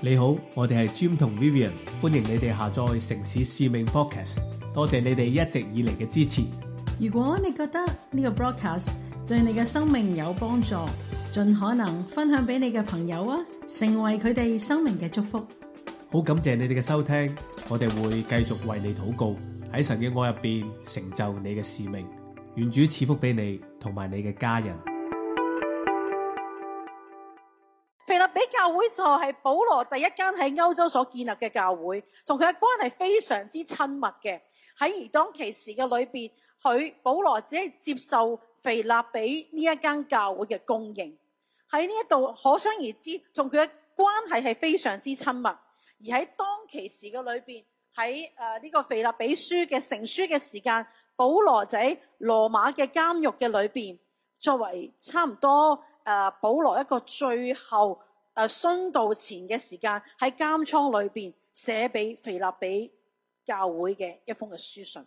你好，我哋係 Jim 同 Vivian，歡迎你哋下載城市使命 Podcast，多謝你哋一直以嚟嘅支持。如果你覺得呢個 broadcast 對你嘅生命有幫助，盡可能分享俾你嘅朋友啊，成為佢哋生命嘅祝福。好感謝你哋嘅收聽，我哋會繼續為你禱告，喺神嘅愛入邊成就你嘅使命，願主賜福俾你同埋你嘅家人。教會就係保羅第一間喺歐洲所建立嘅教會，同佢嘅關係非常之親密嘅。喺而當其時嘅裏邊，佢保羅只係接受腓立比呢一間教會嘅供應。喺呢一度可想而知，同佢嘅關係係非常之親密。而喺當其時嘅裏邊，喺誒呢個腓立比書嘅成書嘅時間，保羅只喺羅馬嘅監獄嘅裏邊，作為差唔多誒、呃、保羅一個最後。誒殉道前嘅時間喺監倉裏面寫俾腓立比教會嘅一封嘅書信，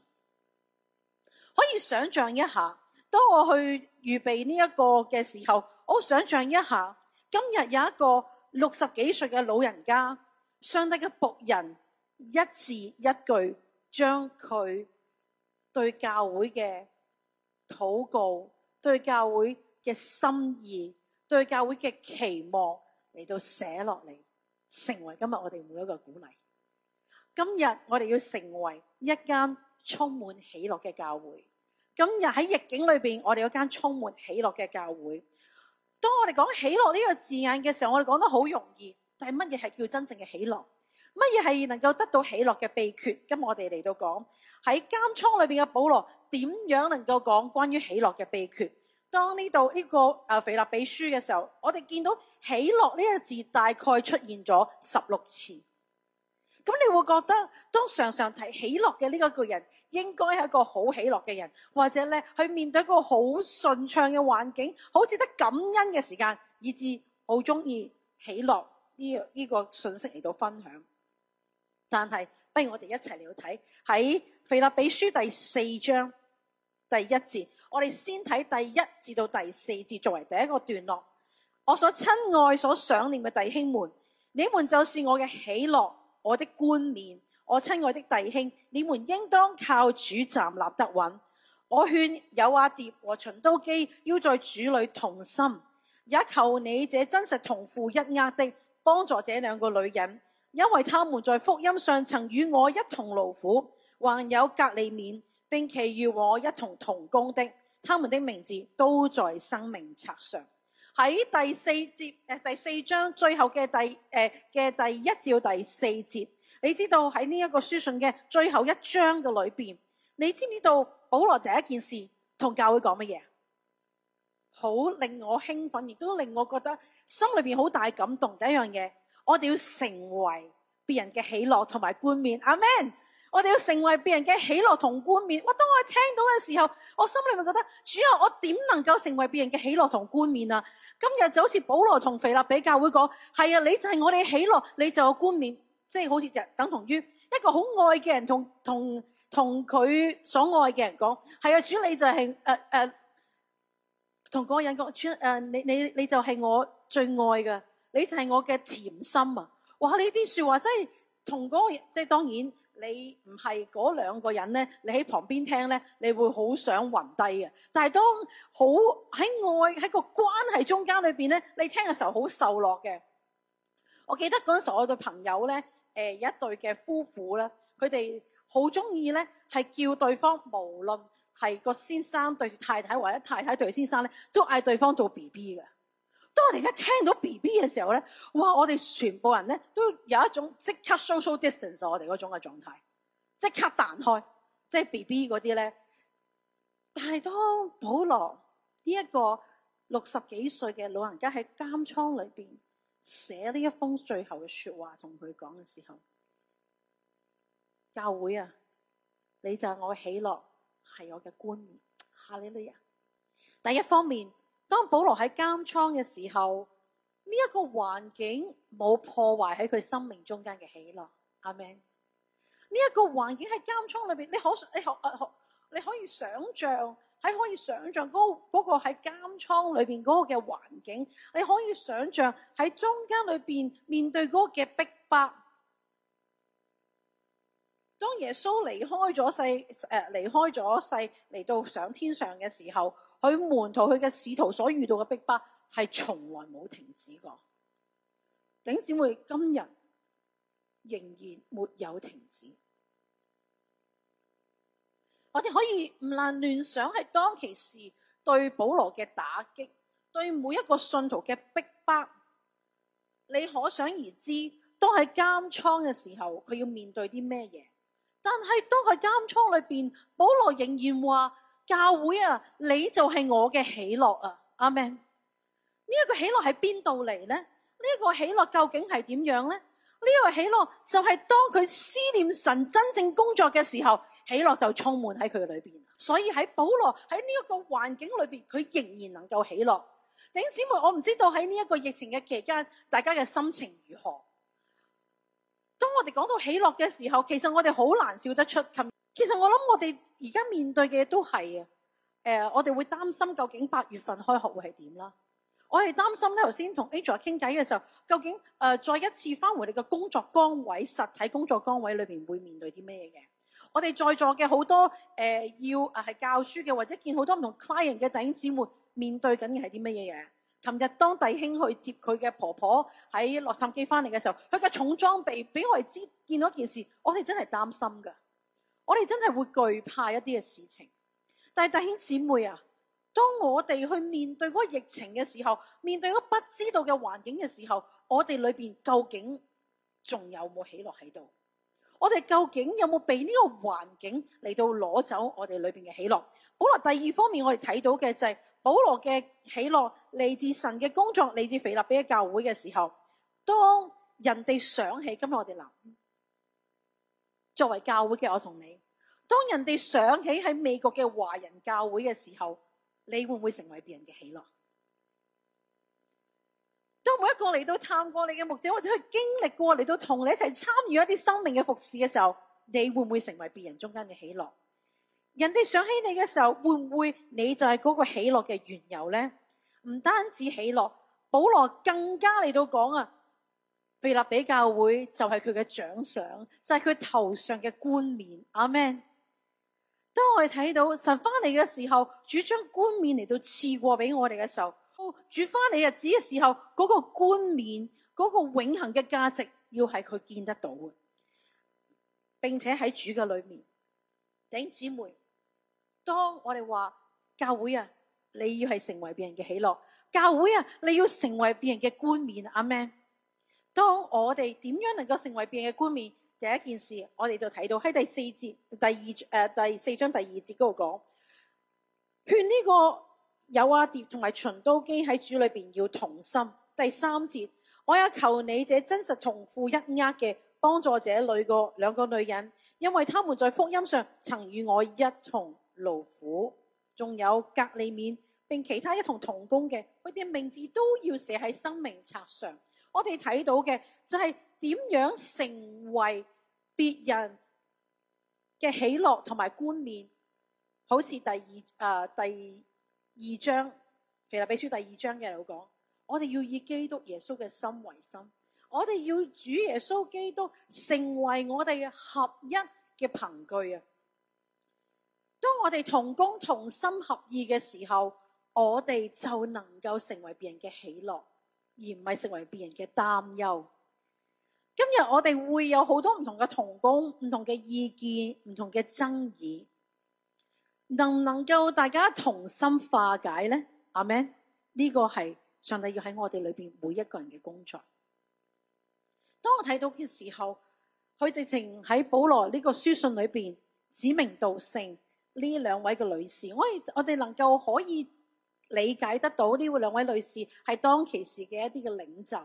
可以想像一下，當我去預備呢一個嘅時候，我想像一下，今日有一個六十幾歲嘅老人家，傷得一僕人，一字一句將佢對教會嘅禱告、對教會嘅心意、對教會嘅期望。嚟到寫落嚟，成為今日我哋每一個鼓勵。今日我哋要成為一間充滿喜樂嘅教會。今日喺逆境裏面，我哋有間充滿喜樂嘅教會。當我哋講喜樂呢個字眼嘅時候，我哋講得好容易，但係乜嘢係叫真正嘅喜樂？乜嘢係能夠得到喜樂嘅秘訣？今日我哋嚟到講喺監倉裏面嘅保羅點樣能夠講關於喜樂嘅秘訣？當呢度呢個阿、啊、腓立比書嘅時候，我哋見到喜樂呢個字大概出現咗十六次。咁你會覺得，當常常睇喜樂嘅呢個人，應該係一個好喜樂嘅人，或者咧去面對一個好順暢嘅環境，好值得感恩嘅時間，以至好中意喜樂呢、這、呢、個這個信息嚟到分享。但係，不如我哋一齊嚟到睇喺腓立比書第四章。第一節，我哋先睇第一至到第四節，作為第一個段落。我所親愛、所想念嘅弟兄們，你們就是我嘅喜樂，我的冠冕。我親愛嘅弟兄，你們應當靠主站立得穩。我勸友阿爹和循都基要在主裏同心，也求你這真實同負一軛的，幫助這兩個女人，因為他們在福音上曾與我一同勞苦，還有革利免。並其餘和我一同同工的，他們的名字都在生命冊上。喺第四節，誒，第四章最後嘅第，誒嘅、呃、第一至第四節，你知道喺呢一個書信嘅最後一章嘅裏邊，你知唔知道保羅第一件事同教會講乜嘢？好令我興奮，亦都令我覺得心裏邊好大感動。第一樣嘢，我哋要成為別人嘅喜樂同埋冠冕。阿們。我哋要成為別人嘅喜樂同冠冕。我當我聽到嘅時候，我心裏咪覺得，主啊，我點能夠成為別人嘅喜樂同冠冕啊？今日就好似保羅同腓立比教會講，係啊，你就係我哋喜樂，你就冠冕，即係好似就等同於一個好愛嘅人同同同佢所愛嘅人講，係啊，主你就係誒誒，同嗰個人講，主誒、呃，你你你就係我最愛嘅，你就係我嘅甜心啊！哇，呢啲說話真係同嗰即係當然。你唔係嗰兩個人咧，你喺旁邊聽咧，你會好想暈低嘅。但係當好喺愛喺個關係中間裏邊咧，你聽嘅時候好受落嘅。我記得嗰陣時，我對朋友咧，一對嘅夫婦咧，佢哋好中意咧係叫對方，無論係個先生對住太太，或者太太對住先生咧，都嗌對方做 B B 嘅。當我哋一聽到 B B 嘅時候咧，哇！我哋全部人咧都有一種即刻 social distance 我哋嗰種嘅狀態，即刻彈開，即係 B B 嗰啲咧。但係當保羅呢一個六十幾歲嘅老人家喺監倉裏邊寫呢一封最後嘅説話同佢講嘅時候，教會啊，你就係我嘅喜樂，係我嘅觀念。下你呢啊，第一方面。當保羅喺監倉嘅時候，呢、這、一個環境冇破壞喺佢生命中間嘅喜樂，阿們。呢一個環境喺監倉裏邊，你可你啊你可以想象喺可以想象嗰、嗰個喺監倉裏邊嗰個嘅環境，你可以想象喺中間裏邊面面對嗰個嘅逼迫。當耶穌離開咗世誒，離開咗世嚟到上天上嘅時候。佢門徒、佢嘅使徒所遇到嘅逼迫，係從來冇停止過。直至今日仍然沒有停止。我哋可以唔難聯想，係當其時對保羅嘅打擊，對每一個信徒嘅逼迫，迫，你可想而知，都喺監倉嘅時候，佢要面對啲咩嘢？但係當係監倉裏邊，保羅仍然話。教會啊，你就係我嘅喜樂啊，阿 Man，呢一個喜樂喺邊度嚟？呢？呢一個喜樂究竟係點樣呢？呢個喜樂就係當佢思念神真正工作嘅時候，喜樂就充滿喺佢裏邊。所以喺保羅喺呢一個環境裏邊，佢仍然能夠喜樂。弟兄姊妹，我唔知道喺呢一個疫情嘅期間，大家嘅心情如何。當我哋講到喜樂嘅時候，其實我哋好難笑得出。其實我諗我哋而家面對嘅都係啊，誒、呃，我哋會擔心究竟八月份開學會係點啦。我係擔心咧，頭先同 Andrew 傾偈嘅時候，究竟誒、呃、再一次翻回你嘅工作崗位，實體工作崗位裏邊會面對啲咩嘢？我哋在座嘅好多誒、呃、要係、啊、教書嘅，或者見好多唔同 client 嘅弟兄姊妹面對緊嘅係啲乜嘢嘢？琴日當弟兄去接佢嘅婆婆喺洛杉磯翻嚟嘅時候，佢嘅重裝備俾我哋知見到件事，我哋真係擔心噶。我哋真係會懼怕一啲嘅事情，但係弟兄姊妹啊，當我哋去面對嗰個疫情嘅時候，面對嗰個不知道嘅環境嘅時候，我哋裏邊究竟仲有冇喜樂喺度？我哋究竟有冇俾呢個環境嚟到攞走我哋裏邊嘅喜樂？保羅第二方面我哋睇到嘅就係保羅嘅喜樂嚟自神嘅工作，嚟自腓立比嘅教會嘅時候，當人哋想起今日我哋諗。作為教會嘅我同你，當人哋想起喺美國嘅華人教會嘅時候，你會唔會成為別人嘅喜樂？當每一個嚟到探過你嘅牧者或者去經歷過嚟到同你一齊參與一啲生命嘅服侍嘅時候，你會唔會成為別人中間嘅喜樂？人哋想起你嘅時候，會唔會你就係嗰個喜樂嘅緣由呢？唔單止喜樂，保羅更加嚟到講啊！腓立比教會就係佢嘅獎賞，就係、是、佢頭上嘅冠冕。阿 Man，當我哋睇到神翻嚟嘅時候，主將冠冕嚟到賜過俾我哋嘅時候，主翻嚟日子嘅時候，嗰、那個冠冕，嗰、那個永恆嘅價值，要係佢見得到嘅，並且喺主嘅裏面，頂姊妹，當我哋話教會啊，你要係成為別人嘅喜樂，教會啊，你要成為別人嘅冠冕。阿 Man。當我哋點樣能夠成為別人嘅冠冕？第一件事，我哋就睇到喺第四節第二誒、呃、第四章第二節嗰度講，勸呢個友阿爹同埋循都基喺主裏邊要同心。第三節，我也求你這真實同負一軛嘅幫助，這女個兩個女人，因為他們在福音上曾與我一同勞苦，仲有革利免並其他一同同工嘅，佢哋名字都要寫喺生命冊上。我哋睇到嘅就係點樣成為別人嘅喜樂同埋冠冕。好似第二、呃、第二章《腓立比書》第二章嘅有講，我哋要以基督耶穌嘅心為心，我哋要主耶穌基督成為我哋合一嘅憑據啊！當我哋同工同心合意嘅時候，我哋就能夠成為別人嘅喜樂。而唔係成為別人嘅擔憂。今日我哋會有好多唔同嘅同工、唔同嘅意見、唔同嘅爭議，能唔能夠大家同心化解呢？阿們，呢個係上帝要喺我哋裏邊每一個人嘅工作。當我睇到嘅時候，佢直情喺保羅呢個書信裏邊指名道姓呢兩位嘅女士，我我哋能夠可以，理解得到呢位兩位女士係當其時嘅一啲嘅領袖，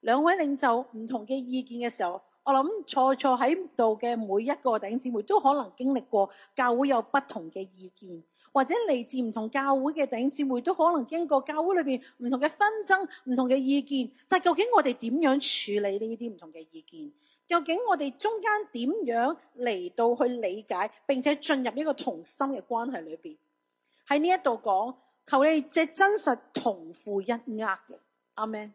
兩位領袖唔同嘅意見嘅時候，我諗坐坐喺度嘅每一個弟兄姊妹都可能經歷過教會，有不同嘅意見，或者嚟自唔同教會嘅弟兄姊妹都可能經過教會裏邊唔同嘅紛爭，唔同嘅意見。但究竟我哋點樣處理呢啲唔同嘅意見，究竟我哋中間點樣嚟到去理解並且進入一個同心嘅關係裏邊，喺呢一度講。求你只真實同負一軛嘅阿們。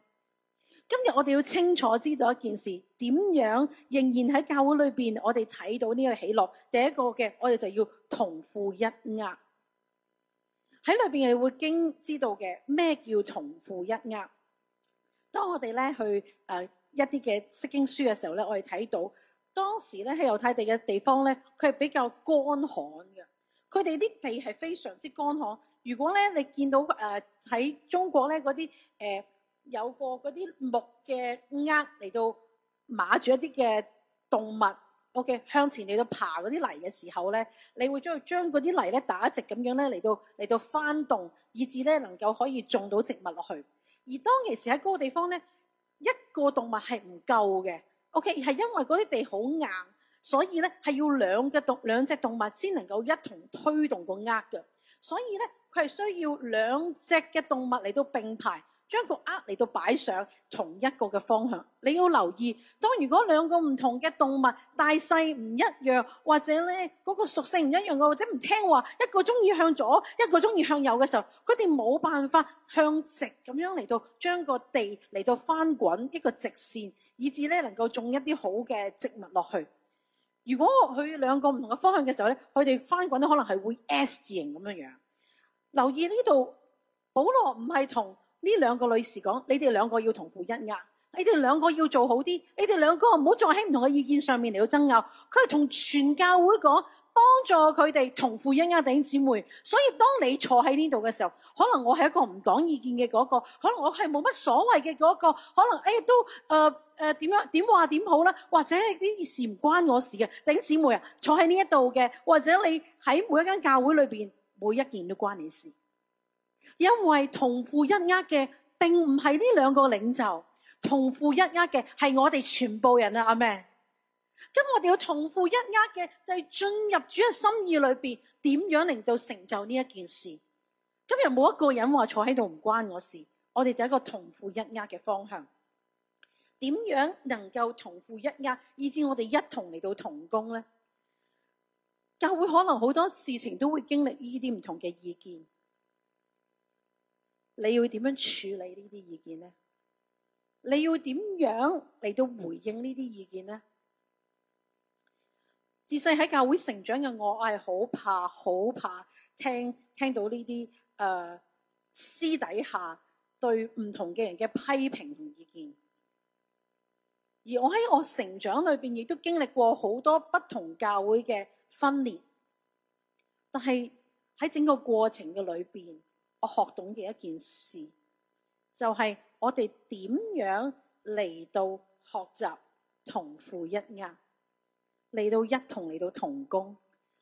今日我哋要清楚知道一件事，點樣仍然喺教會裏邊，我哋睇到呢個喜樂。第一個嘅，我哋就要同負一軛喺裏邊。你會經知道嘅咩叫同負一軛？當我哋咧去誒一啲嘅釋經書嘅時候咧，我哋睇到當時咧喺猶太地嘅地方咧，佢係比較乾旱嘅，佢哋啲地係非常之乾旱。如果咧你見到誒喺、呃、中國咧嗰啲誒有個嗰啲木嘅鈎嚟到馬住一啲嘅動物，OK 向前嚟到爬嗰啲泥嘅時候咧，你會將將嗰啲泥咧打直咁樣咧嚟到嚟到翻動，以致咧能夠可以種到植物落去。而當其時喺嗰個地方咧，一個動物係唔夠嘅，OK 係因為嗰啲地好硬，所以咧係要兩個動兩隻動物先能夠一同推動個鈎嘅，所以咧。係需要兩隻嘅動物嚟到並排，將個軛嚟到擺上同一個嘅方向。你要留意，當如果兩個唔同嘅動物大細唔一樣，或者呢嗰、嗰個屬性唔一樣嘅，或者唔聽話，一個鍾意向左，一個鍾意向右嘅時候，佢哋冇辦法向直咁樣嚟到將個地嚟到翻滾一個直線，以至呢能夠種一啲好嘅植物落去。如果佢兩個唔同嘅方向嘅時候呢，佢哋翻滾都可能係會 S 字形咁樣樣。留意呢度，保羅唔係同呢兩個女士講，你哋兩個要同負一軛，你哋兩個要做好啲，你哋兩個唔好再喺唔同嘅意見上面嚟到爭拗。佢係同全教會講，幫助佢哋同負一軛。弟兄姊妹，所以當你坐喺呢度嘅時候，可能我係一個唔講意見嘅嗰、那個，可能我係冇乜所謂嘅嗰、那個，可能誒、哎、都誒誒點樣點話點好啦，或者呢啲事唔關我事嘅，弟兄姊妹啊，坐喺呢一度嘅，或者你喺每一間教會裏邊。每一件都關你事，因為同負一軛嘅，並唔係呢兩個領袖，同負一軛嘅係我哋全部人啊！阿們？咁我哋要同負一軛嘅就係進入主嘅心意裏邊，點樣令到成就呢一件事？今日冇一個人話坐喺度唔關我事，我哋就一個同負一軛嘅方向，點樣能夠同負一軛，以至我哋一同嚟到同工呢？教會可能好多事情都會經歷呢啲唔同嘅意見，你要點樣處理呢啲意見呢？你要點樣嚟到回應呢啲意見呢？自細喺教會成長嘅我，係好怕，好怕聽聽到呢啲誒私底下對唔同嘅人嘅批評同意見。而我喺我成長裏邊，亦都經歷過好多不同教會嘅。分裂，但係喺整個過程嘅裏邊，我學懂嘅一件事，就係我哋點樣嚟到學習同負一軛，嚟到一同嚟到同工，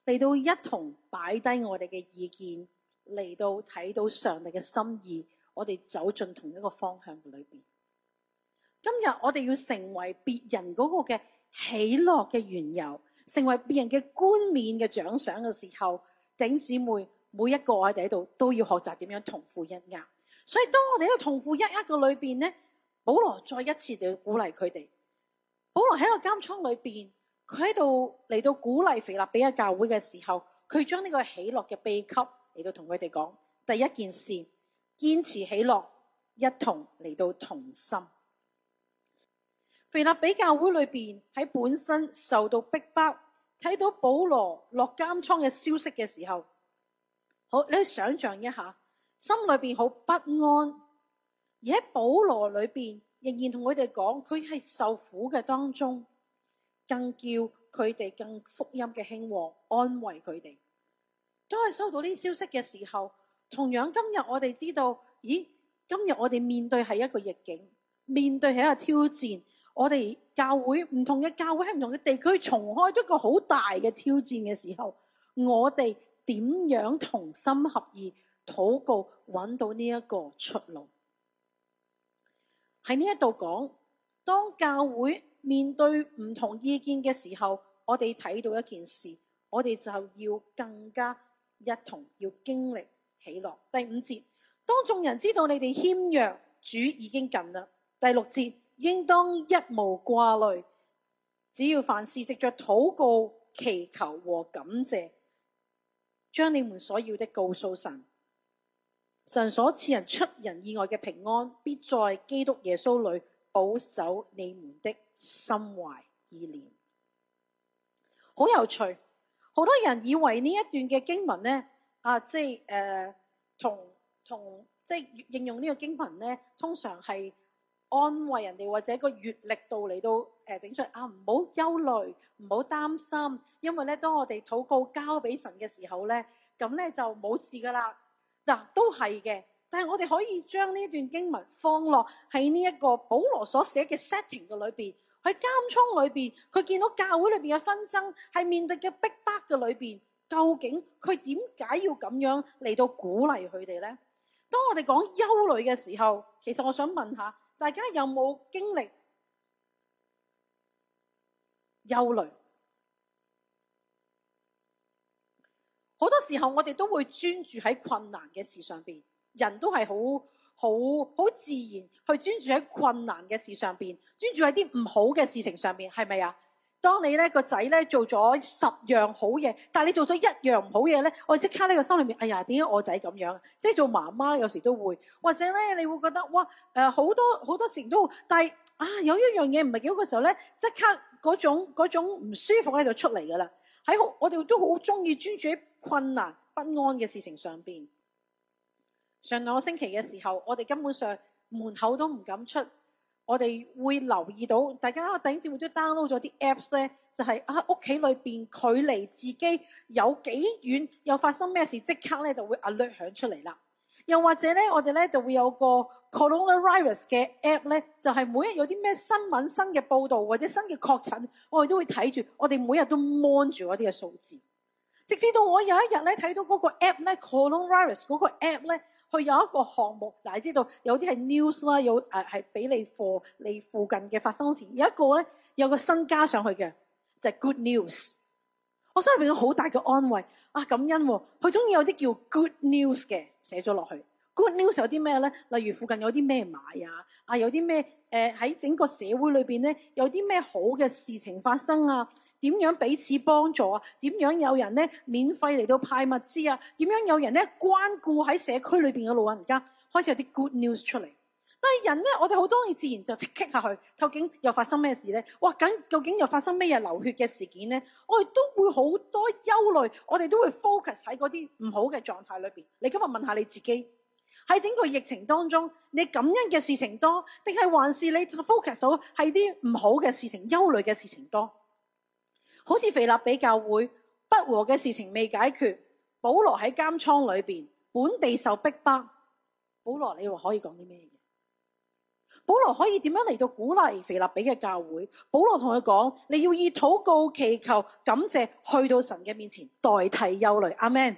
嚟到一同擺低我哋嘅意見，嚟到睇到上帝嘅心意，我哋走進同一個方向嘅裏邊。今日我哋要成為別人嗰個嘅喜樂嘅緣由。成為別人嘅冠冕嘅獎賞嘅時候，弟兄姊妹每一個我哋喺度都要學習點樣同負一軛。所以當我哋喺度同負一軛嘅裏邊咧，保羅再一次地鼓勵佢哋。保羅喺個監倉裏邊，佢喺度嚟到鼓勵腓立比嘅教會嘅時候，佢將呢個喜樂嘅秘笈嚟到同佢哋講。第一件事，堅持喜樂，一同嚟到同心。腓立比教會裏邊喺本身受到逼迫，迫，睇到保羅落監倉嘅消息嘅時候，好，你去想象一下，心裏邊好不安，而喺保羅裏邊仍然同佢哋講，佢係受苦嘅當中，更叫佢哋更福音嘅興旺，安慰佢哋。當係收到呢消息嘅時候，同樣今日我哋知道，咦，今日我哋面對係一個逆境，面對係一個挑戰。我哋教會唔同嘅教會喺唔同嘅地區重開咗一個好大嘅挑戰嘅時候，我哋點樣同心合意禱告，揾到呢一個出路？喺呢一度講，當教會面對唔同意見嘅時候，我哋睇到一件事，我哋就要更加一同要經歷起落。第五節，當眾人知道你哋謙讓，主已經近啦。第六節。應當一無掛慮，只要凡事藉着禱告、祈求和感謝，將你們所要的告訴神。神所賜人出人意外嘅平安，必在基督耶穌裏保守你們的心懷意念。好有趣，好多人以為呢一段嘅經文呢，啊，即係誒、呃，同同即係應用呢個經文呢，通常係。安慰人哋或者個閱歷度嚟到誒，整出嚟啊，唔好憂慮，唔好擔心，因為咧，當我哋禱告交俾神嘅時候咧，咁咧就冇事噶啦。嗱、啊，都係嘅，但係我哋可以將呢一段經文放落喺呢一個保羅所寫嘅 setting 嘅裏邊，喺監倉裏邊，佢見到教會裏邊嘅紛爭，係面對嘅逼迫嘅裏邊，究竟佢點解要咁樣嚟到鼓勵佢哋咧？當我哋講憂慮嘅時候，其實我想問下。大家有冇經歷憂慮？好多時候我哋都會專注喺困難嘅事上邊，人都係好好好自然去專注喺困難嘅事上邊，專注喺啲唔好嘅事情上邊，係咪啊？當你咧個仔咧做咗十樣好嘢，但係你做咗一樣唔好嘢咧，我即刻呢個心裏面，哎呀，點解我仔咁樣？即係做媽媽有時都會，或者咧你會覺得哇，誒、呃、好多好多事情都，但係啊有一樣嘢唔係幾好嘅時候咧，即刻嗰種唔舒服咧就出嚟㗎啦。喺我哋都好中意專注喺困難不安嘅事情上邊。上兩個星期嘅時候，我哋根本上門口都唔敢出。我哋會留意到，大家頂住會都 download 咗啲 apps 咧，就係啊屋企裏邊距離自己有幾遠，又發生咩事即刻咧就會 alert 響出嚟啦。又或者咧，我哋咧就會有個 coronavirus 嘅 app 咧，就係每日有啲咩新聞、新嘅報導或者新嘅確診，我哋都會睇住，我哋每日都 mon 住嗰啲嘅數字，直至到我有一日咧睇到嗰個 app 咧 coronavirus 嗰個 app 咧。佢有一個項目，大家知道有啲係 news 啦，有誒係俾你放你附近嘅發生事。有一個咧，有一個新加上去嘅就係、是、good news。我心入邊有好大嘅安慰啊！感恩佢中意有啲叫 good news 嘅寫咗落去。good news 有啲咩咧？例如附近有啲咩買啊？啊有啲咩誒喺整個社會裏邊咧有啲咩好嘅事情發生啊！點樣彼此幫助啊？點樣有人咧免費嚟到派物資啊？點樣有人咧關顧喺社區裏面嘅老人家？開始有啲 good news 出嚟，但係人咧，我哋好多嘢自然就即刻下去。究竟又發生咩事咧？哇！究竟又發生咩嘢流血嘅事件咧？我哋都會好多憂慮，我哋都會 focus 喺嗰啲唔好嘅狀態裏面。你今日問一下你自己喺整個疫情當中，你感恩嘅事情多定係還是你 focus 到係啲唔好嘅事情、憂慮嘅事情多？好似腓立比教會不和嘅事情未解決，保羅喺監倉裏邊本地受逼迫，保羅你話可以講啲咩嘢？保羅可以點樣嚟到鼓勵腓立比嘅教會？保羅同佢講你要以禱告、祈求、感謝去到神嘅面前代替憂慮。阿門，呢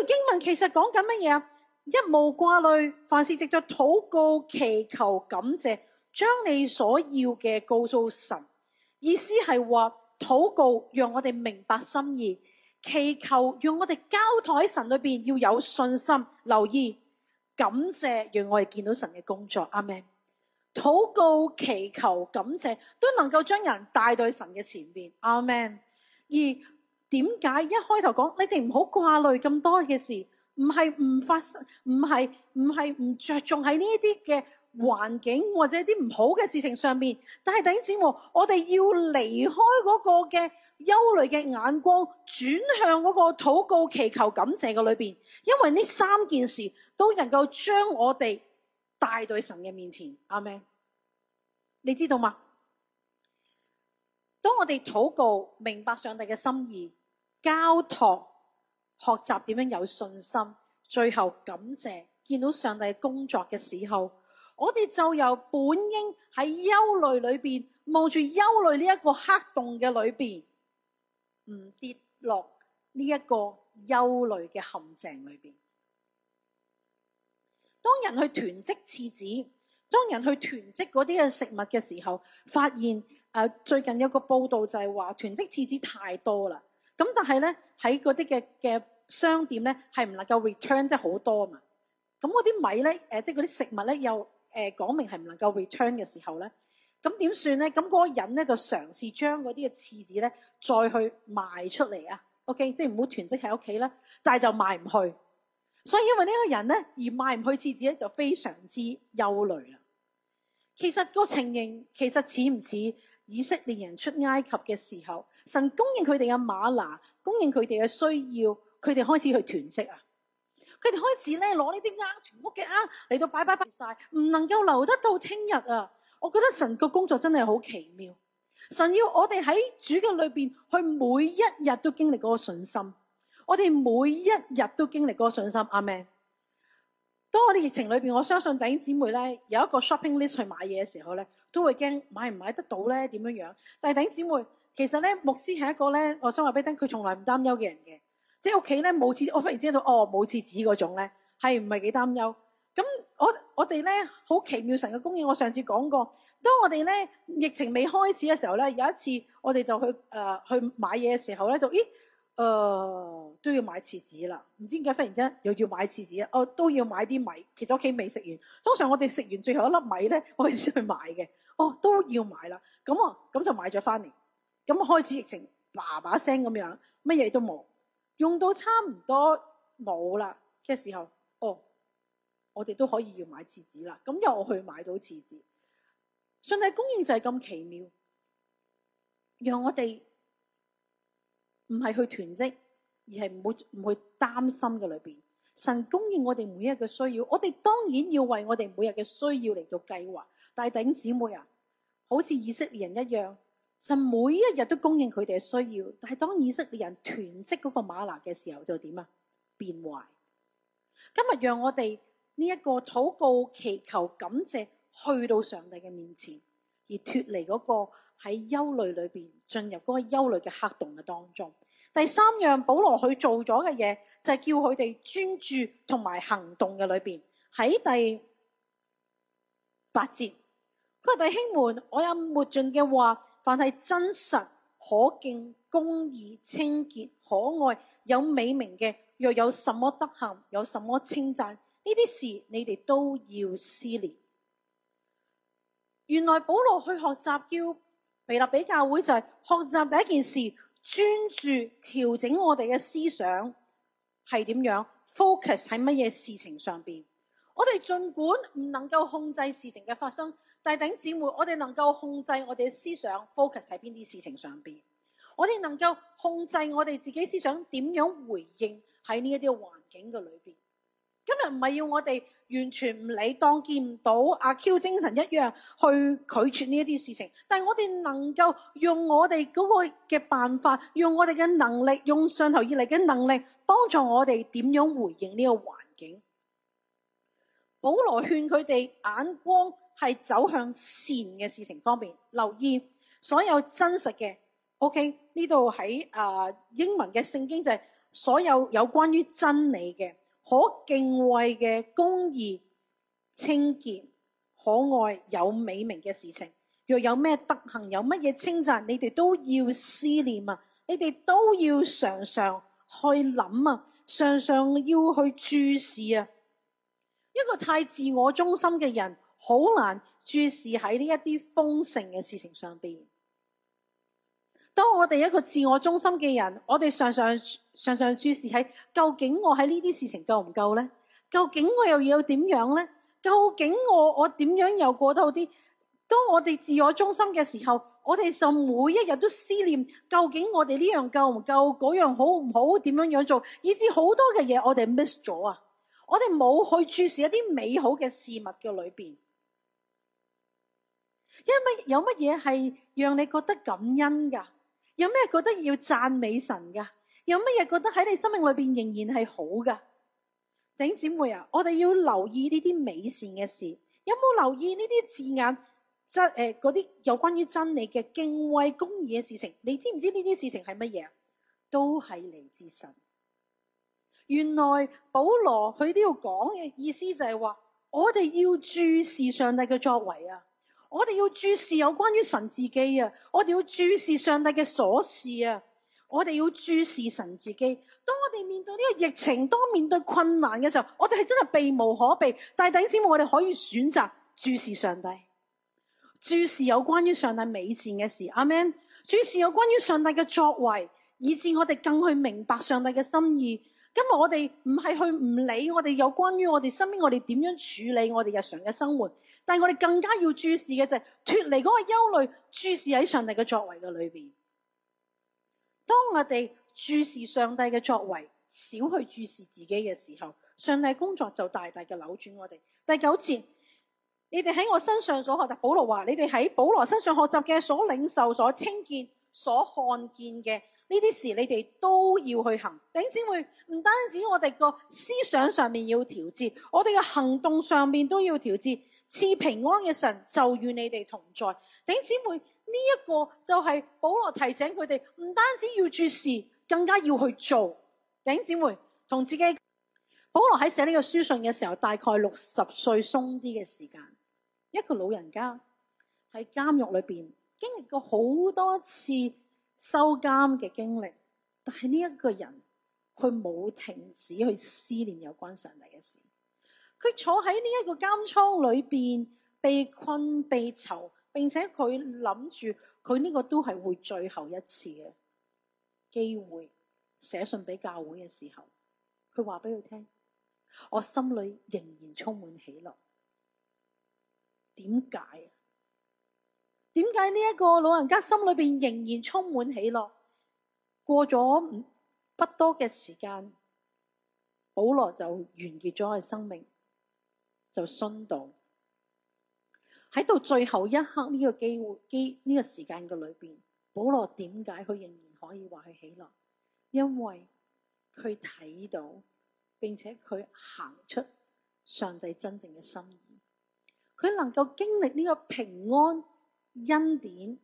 句經文其實講緊乜嘢啊？一無掛慮，凡事藉着禱告、祈求、感謝，將你所要嘅告訴神。意思係話，禱告讓我哋明白心意，祈求，讓我哋交託喺神裏邊，要有信心，留意，感謝，讓我哋見到神嘅工作。阿們，禱告、祈求、感謝都能夠將人帶到神嘅前面。阿們，而點解一開頭講你哋唔好掛慮咁多嘅事？唔係唔發生，唔係唔係唔着重喺呢啲嘅。環境或者啲唔好嘅事情上面，但係弟兄姊妹，我哋要離開嗰個嘅憂慮嘅眼光，轉向嗰個禱告、祈求、感謝嘅裏邊，因為呢三件事都能夠將我哋帶到神嘅面前。阿明，你知道嗎？當我哋禱告明白上帝嘅心意，交託學習點樣有信心，最後感謝見到上帝工作嘅時候。我哋就由本應喺憂慮裏邊冒住憂慮呢一個黑洞嘅裏邊，唔跌落呢一個憂慮嘅陷阱裏邊。當人去囤積廁紙，當人去囤積嗰啲嘅食物嘅時候，發現誒、呃、最近有個報道就係話囤積廁紙太多啦。咁但係咧喺嗰啲嘅嘅商店咧係唔能夠 return 即係好多嘛。咁嗰啲米咧誒即係嗰啲食物咧又。誒、呃、講明係唔能夠 return 嘅時候咧，咁點算咧？咁嗰個人咧就嘗試將嗰啲嘅廁紙咧再去賣出嚟啊！OK，即係唔好囤積喺屋企啦，但係就賣唔去，所以因為呢個人咧而賣唔去廁紙咧就非常之憂慮啦。其實個情形其實似唔似以色列人出埃及嘅時候，神供應佢哋嘅馬拿，供應佢哋嘅需要，佢哋開始去囤積啊？佢哋開始咧攞呢啲鈪全屋嘅鈪嚟到擺擺擺晒，唔能夠留得到聽日啊！我覺得神個工作真係好奇妙。神要我哋喺主嘅裏面去每一日都經歷嗰個信心。我哋每一日都經歷嗰個信心，阿們。當我哋疫情裏面，我相信弟兄姊妹咧有一個 shopping list 去買嘢嘅時候咧，都會驚買唔買得到咧點樣樣。但係弟兄姊妹，其實咧牧師係一個咧，我想話俾你聽，佢從來唔擔憂嘅人嘅。即係屋企咧冇廁紙，我忽然知道哦冇廁紙嗰種咧係唔係幾擔憂咁？我我哋咧好奇妙神嘅供應。我上次講過，當我哋咧疫情未開始嘅時候咧，有一次我哋就去誒、呃、去買嘢嘅時候咧，就咦誒、呃、都要買廁紙啦？唔知點解忽然之間又要買廁紙啊？哦都要買啲米，其實屋企未食完。通常我哋食完最後一粒米咧，我哋先去買嘅。哦都要買啦，咁啊咁就買咗翻嚟。咁開始疫情爸爸聲咁樣，乜嘢都冇。用到差唔多冇啦嘅時候，哦，我哋都可以要買廁紙啦，咁又我去買到廁紙。上帝供應就係咁奇妙，讓我哋唔係去囤積，而係唔會唔會擔心嘅裏邊。神供應我哋每日嘅需要，我哋當然要為我哋每日嘅需要嚟到計劃。但係弟兄姊妹啊，好似以色列人一樣。就每一日都供應佢哋嘅需要，但係當以色列人囤積嗰個馬拿嘅時候就點啊？變壞。今日讓我哋呢一個禱告、祈求、感謝去到上帝嘅面前，而脫離嗰個喺憂慮裏邊進入嗰個憂慮嘅黑洞嘅當中。第三樣保羅去做咗嘅嘢就係叫佢哋專注同埋行動嘅裏邊。喺第八節，佢話弟兄們，我有未盡嘅話。凡係真實、可敬、公義、清潔、可愛、有美名嘅，若有什麼德行，有什麼稱讚，呢啲事你哋都要思念。原來保羅去學習叫腓立比教會就係學習第一件事，專注調整我哋嘅思想係點樣，focus 喺乜嘢事情上邊。我哋盡管唔能夠控制事情嘅發生。但係，弟兄姊妹，我哋能夠控制我哋嘅思想，focus 喺邊啲事情上邊。我哋能夠控制我哋自己思想點樣回應喺呢一啲環境嘅裏邊。今日唔係要我哋完全唔理，當見唔到阿 Q 精神一樣去拒絕呢一啲事情。但係我哋能夠用我哋嗰個嘅辦法，用我哋嘅能力，用上頭以嚟嘅能力，幫助我哋點樣回應呢個環境。保羅勸佢哋眼光，係走向善嘅事情方面，留意所有真實嘅。OK，呢度喺啊英文嘅聖經就係、是、所有有關於真理嘅、可敬畏嘅、公義、清潔、可愛、有美名嘅事情。若有咩德行，有乜嘢稱讚，你哋都要思念啊！你哋都要常常去諗啊，常常要去注視啊。一個太自我中心嘅人，好難注視喺呢一啲豐盛嘅事情上邊。當我哋一個自我中心嘅人，我哋常常注視喺究竟我喺呢啲事情夠唔夠呢？究竟我又要點樣呢？究竟我我點樣又過得好啲？當我哋自我中心嘅時候，我哋就每一日都思念究竟我哋呢樣夠唔夠，嗰樣好唔好？點樣樣做？以至好多嘅嘢我哋 miss 咗啊！我哋冇去注視一啲美好嘅事物嘅裏邊。因為有乜嘢係讓你覺得感恩噶？有咩覺得要讚美神噶？有乜嘢覺得喺你生命裏邊仍然係好噶？弟兄姊妹啊，我哋要留意呢啲美善嘅事。有冇留意呢啲字眼？即誒嗰啲有關於真理嘅敬畏公義嘅事情？你知唔知呢啲事情係乜嘢？都係嚟自神。原來保羅佢呢度講嘅意思就係話，我哋要注視上帝嘅作為啊！我哋要注視有關於神自己啊！我哋要注視上帝嘅瑣事啊！我哋要注視神自己。當我哋面對呢個疫情，當面對困難嘅時候，我哋係真係避無可避。但係弟兄姊妹，我哋可以選擇注視上帝，注視有關於上帝美善嘅事。阿門，注視有關於上帝嘅作為，以至我哋更去明白上帝嘅心意。今日我哋唔係去唔理我哋有關於我哋身邊，我哋點樣處理我哋日常嘅生活，但係我哋更加要注視嘅就係脫離嗰個憂慮，注視喺上帝嘅作為嘅裏邊。當我哋注視上帝嘅作為，少去注視自己嘅時候，上帝工作就大大嘅扭轉我哋。第九節，你哋喺我身上所學習，保羅話你哋喺保羅身上學習嘅所領受、所聽見、所看見嘅。呢啲事你哋都要去行，頂姊妹唔單止我哋個思想上面要調節，我哋嘅行動上面都要調節。賜平安嘅神就與你哋同在，頂姊妹呢一個就係保羅提醒佢哋，唔單止要注視，更加要去做。頂姊妹同自己，保羅喺寫呢個書信嘅時候，大概六十歲鬆啲嘅時間，一個老人家喺監獄裏邊，經歷過好多次收監嘅經歷，但係呢一個人佢冇停止去思念有關上帝嘅事。佢坐喺呢一個監倉裏邊，被困被囚，並且佢諗住佢呢個都係會最後一次嘅機會。寫信俾教會嘅時候，佢話俾佢聽，我心裏仍然充滿喜樂。點解？點解呢一個老人家心裏邊仍然充滿喜樂？過咗不多嘅時間，保羅就完結咗佢生命，就殉道。喺到最後一刻呢個機會機呢個時間嘅裏邊，保羅點解佢仍然可以話佢喜樂？因為佢睇到，並且佢行出上帝真正嘅心意，佢能夠經歷呢個平安。恩典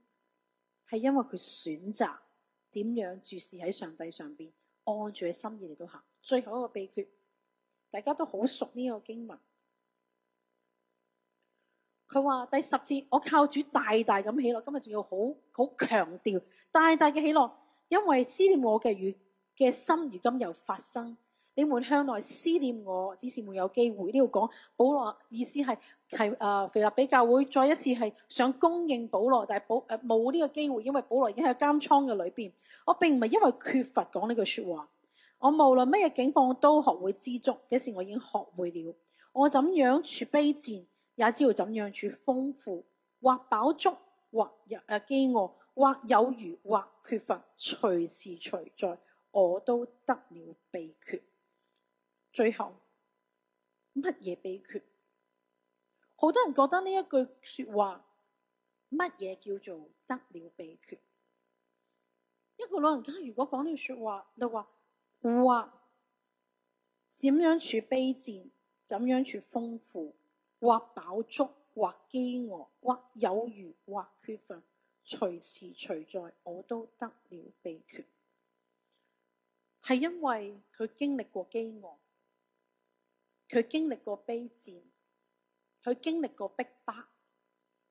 係因為佢選擇點樣注視喺上帝上邊，按住佢心意嚟到行。最後一個秘訣，大家都好熟呢個經文。佢話第十節，我靠主大大咁喜樂，今日仲要好好強調，大大嘅喜樂，因為思念我嘅語嘅心，如今又發生。你們向來思念我，只是沒有機會。呢度講保羅意思係係誒腓立比教會再一次係想供應保羅，但係保誒冇呢個機會，因為保羅已經喺監倉嘅裏邊。我並唔係因為缺乏講呢句説話，我無論咩境況都學會知足，即時我已經學會了。我怎樣處卑賤，也知道怎樣處豐富；或飽足，或誒飢餓，或有餘，或缺乏，隨時隨在，我都得了秘訣。最後乜嘢秘訣？好多人覺得呢一句說話乜嘢叫做得了秘訣？一個老人家如果講呢句說話，你話哇點樣處卑賤，怎樣處豐富，或飽足，或飢餓，或有餘，或缺乏，隨時隨在我都得了秘訣，係因為佢經歷過飢餓。佢經歷過卑賤，佢經歷過逼迫，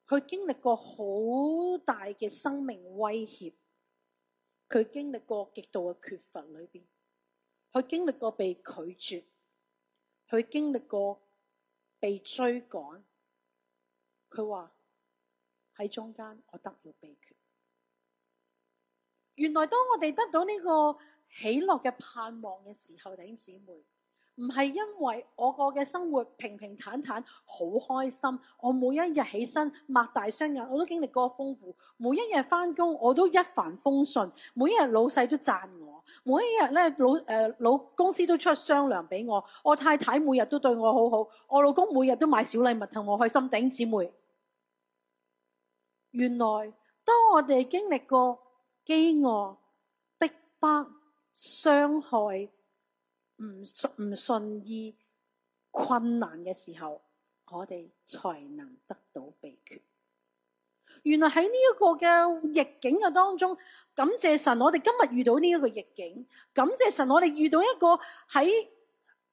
佢經歷過好大嘅生命威脅，佢經歷過極度嘅缺乏裏邊，佢經歷過被拒絕，佢經歷過被追趕。佢話喺中間，我得了秘訣。原來當我哋得到呢個喜樂嘅盼望嘅時候，弟兄姊妹。唔係因為我過嘅生活平平淡淡，好開心。我每一日起身，擘大雙眼，我都經歷過豐富。每一日翻工，我都一帆風順。每一日老細都讚我，每一日呢老、呃、老公司都出雙糧俾我。我太太每日都對我好好，我老公每日都買小禮物同我開心頂姊妹。原來當我哋經歷過飢餓、逼迫、傷害。唔順唔順意困難嘅時候，我哋才能得到秘訣。原來喺呢一個嘅逆境嘅當中，感謝神，我哋今日遇到呢一個逆境，感謝神，我哋遇到一個喺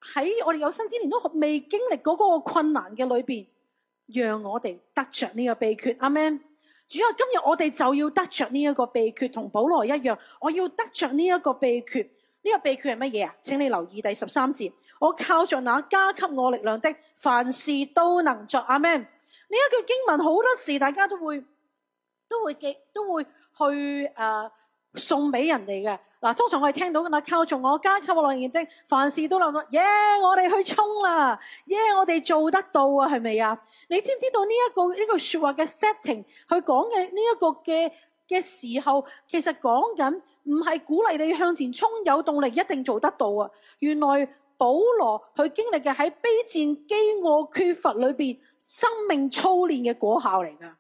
喺我哋有生之年都未經歷嗰個困難嘅裏邊，讓我哋得着呢個秘訣。阿們，主要今日我哋就要得着呢一個秘訣，同保羅一樣，我要得着呢一個秘訣。呢、這個秘訣係乜嘢啊？請你留意第十三節，我靠着那加給我力量的，凡事都能作。阿門。呢一句經文好多時，大家都會都會記，都會去誒、呃、送俾人哋嘅。嗱，通常我哋聽到嘅啦，靠着我加給我力量的，凡事都能作。」耶！我哋去衝啦，耶、yeah！我哋做得到啊，係咪啊？你知唔知道呢、這、一個呢、這個、說話嘅 setting？佢講嘅呢一個嘅嘅時候，其實講緊。唔係鼓勵你向前衝，有動力一定做得到啊！原來保羅佢經歷嘅喺卑賤、飢餓缺乏裏邊生命操練嘅果效嚟噶。